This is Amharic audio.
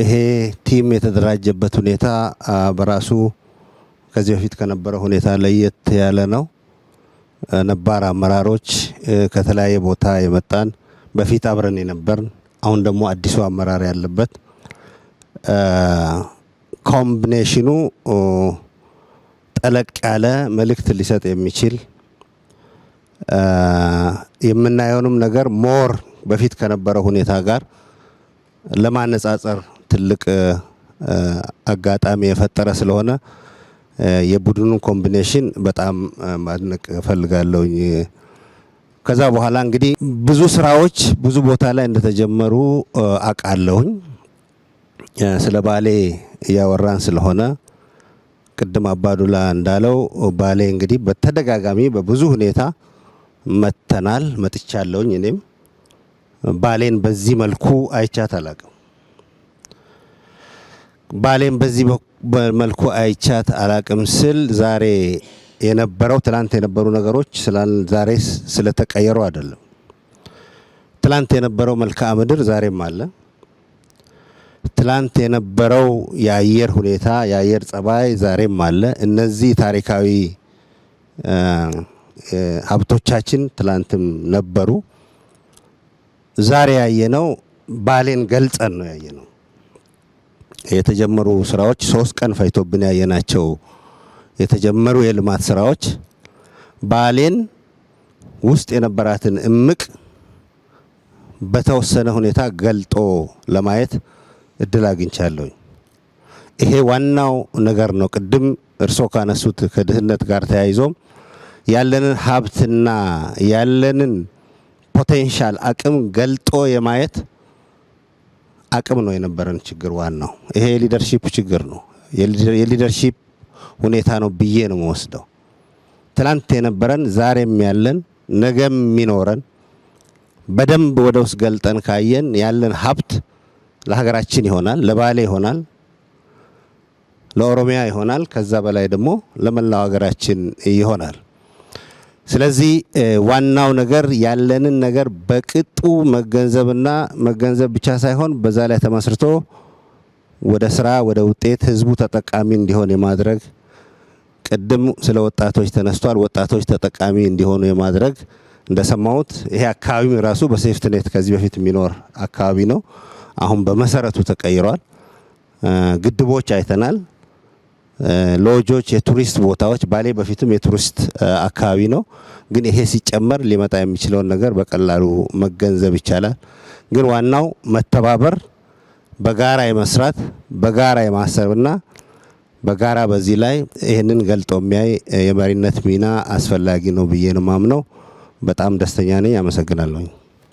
ይሄ ቲም የተደራጀበት ሁኔታ በራሱ ከዚህ በፊት ከነበረ ሁኔታ ለየት ያለ ነው። ነባር አመራሮች ከተለያየ ቦታ የመጣን በፊት አብረን የነበርን አሁን ደግሞ አዲሱ አመራር ያለበት ኮምቢኔሽኑ ጠለቅ ያለ መልእክት ሊሰጥ የሚችል የምናየውንም ነገር ሞር በፊት ከነበረ ሁኔታ ጋር ለማነጻጸር ትልቅ አጋጣሚ የፈጠረ ስለሆነ የቡድኑን ኮምቢኔሽን በጣም ማድነቅ እፈልጋለሁኝ። ከዛ በኋላ እንግዲህ ብዙ ስራዎች ብዙ ቦታ ላይ እንደተጀመሩ አውቃለሁኝ። ስለ ባሌ እያወራን ስለሆነ ቅድም አባዱላ እንዳለው ባሌ እንግዲህ በተደጋጋሚ በብዙ ሁኔታ መተናል መጥቻለሁኝ። እኔም ባሌን በዚህ መልኩ አይቻት አላቅም። ባሌም በዚህ መልኩ አይቻት አላቅም ስል ዛሬ የነበረው ትላንት የነበሩ ነገሮች ዛሬ ስለተቀየሩ አይደለም። ትላንት የነበረው መልክዓ ምድር ዛሬም አለ። ትላንት የነበረው የአየር ሁኔታ የአየር ጸባይ ዛሬም አለ። እነዚህ ታሪካዊ ሀብቶቻችን ትላንትም ነበሩ። ዛሬ ያየነው ባሌን ገልጸን ነው ያየነው። የተጀመሩ ስራዎች ሶስት ቀን ፈጅቶብን ያየናቸው የተጀመሩ የልማት ስራዎች ባሌን ውስጥ የነበራትን እምቅ በተወሰነ ሁኔታ ገልጦ ለማየት እድል አግኝቻለሁ። ይሄ ዋናው ነገር ነው። ቅድም እርሶ ካነሱት ከድህነት ጋር ተያይዞም ያለንን ሀብትና ያለንን ፖቴንሻል አቅም ገልጦ የማየት አቅም ነው የነበረን ችግር ዋናው። ይሄ የሊደርሺፕ ችግር ነው፣ የሊደርሺፕ ሁኔታ ነው ብዬ ነው የምወስደው። ትላንት የነበረን ዛሬም ያለን ነገም የሚኖረን በደንብ ወደ ውስጥ ገልጠን ካየን ያለን ሀብት ለሀገራችን ይሆናል፣ ለባሌ ይሆናል፣ ለኦሮሚያ ይሆናል፣ ከዛ በላይ ደግሞ ለመላው ሀገራችን ይሆናል። ስለዚህ ዋናው ነገር ያለንን ነገር በቅጡ መገንዘብና መገንዘብ ብቻ ሳይሆን በዛ ላይ ተመስርቶ ወደ ስራ ወደ ውጤት ህዝቡ ተጠቃሚ እንዲሆን የማድረግ ቅድም ስለ ወጣቶች ተነስቷል። ወጣቶች ተጠቃሚ እንዲሆኑ የማድረግ እንደሰማሁት ይሄ አካባቢም ራሱ በሴፍትኔት ከዚህ በፊት የሚኖር አካባቢ ነው። አሁን በመሰረቱ ተቀይሯል። ግድቦች አይተናል። ሎጆች፣ የቱሪስት ቦታዎች ባሌ በፊትም የቱሪስት አካባቢ ነው፣ ግን ይሄ ሲጨመር ሊመጣ የሚችለውን ነገር በቀላሉ መገንዘብ ይቻላል። ግን ዋናው መተባበር፣ በጋራ የመስራት በጋራ የማሰብና በጋራ በዚህ ላይ ይህንን ገልጦ የሚያይ የመሪነት ሚና አስፈላጊ ነው ብዬ ነው ማምነው። በጣም ደስተኛ ነኝ። አመሰግናለሁኝ።